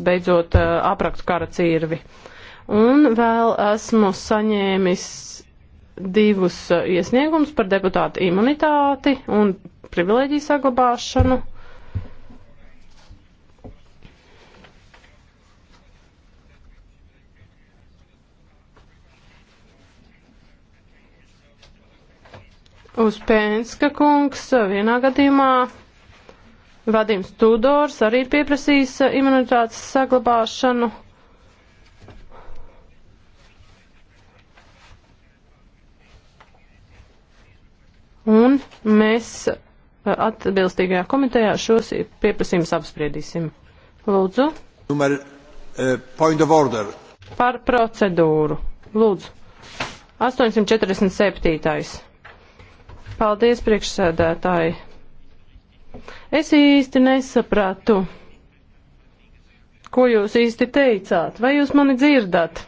beidzot apraktu kara cirvi. Un vēl esmu saņēmis divus iesniegumus par deputātu imunitāti un privileģiju saglabāšanu. Uz Pēnska kungs vienā gadījumā Vadims Tudors arī ir pieprasījis eh, imunitātes saglabāšanu. Un mēs eh, atbilstīgajā komitejā šos pieprasījumus apspriedīsim. Lūdzu. Numar, uh, eh, point of order. Par procedūru. Lūdzu. 847. Paldies, priekšsēdētāji. Es īsti nesapratu, ko jūs īsti teicāt. Vai jūs mani dzirdat?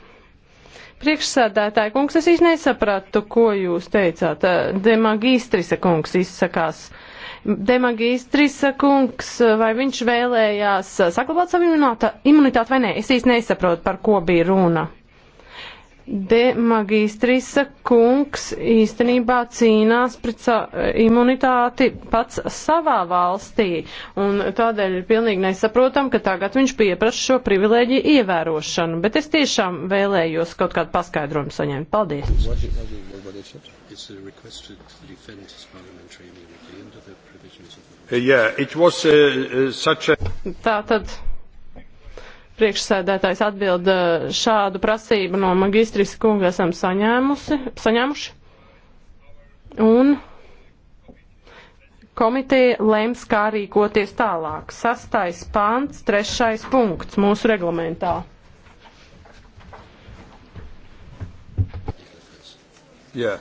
Priekšsēdētāji kungs, es īsti nesapratu, ko jūs teicāt. Eh, Demagistrisa kungs izsakās. Demagistrisa kungs, vai viņš vēlējās saglabāt savu imunitāti vai nē? Es īsti nesaprotu, par ko bija runa. De Magistrisa kungs īstenībā cīnās pret imunitāti pats savā valstī, un tādēļ ir pilnīgi nesaprotam, ka tagad viņš pieprasa šo privilēģiju ievērošanu, bet es tiešām vēlējos kaut kādu paskaidrojumu saņemt. Paldies! Uh, yeah, uh, uh, a... Tā tad Priekšsēdētājs atbild šādu prasību no magistris kunga esam saņēmusi, saņēmuši. Un komiteja lems, kā rīkoties tālāk. Sastais pants, trešais punkts mūsu reglamentā. Yeah.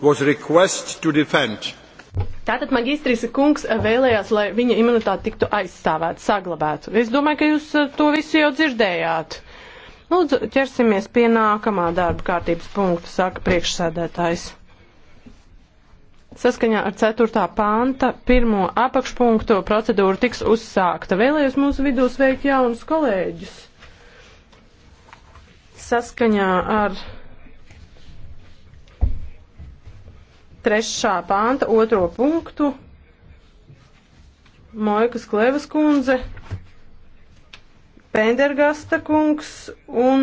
Was request to defend. Tātad magistris kungs eh, vēlējās, lai viņa imunitāte tiktu aizstāvēta, saglabāta. Es domāju, ka jūs eh, to visu jau dzirdējāt. Lūdzu, ķersimies pie nākamā darba kārtības punkta, saka priekšsēdētājs. Saskaņā ar 4. panta pirmo apakšpunktu procedūra tiks uzsākta. Vēlējos mūsu vidū sveikt jaunus kolēģus. Saskaņā ar trešā panta otro punktu. Mojkas Klevas kundze, Pendergasta kungs un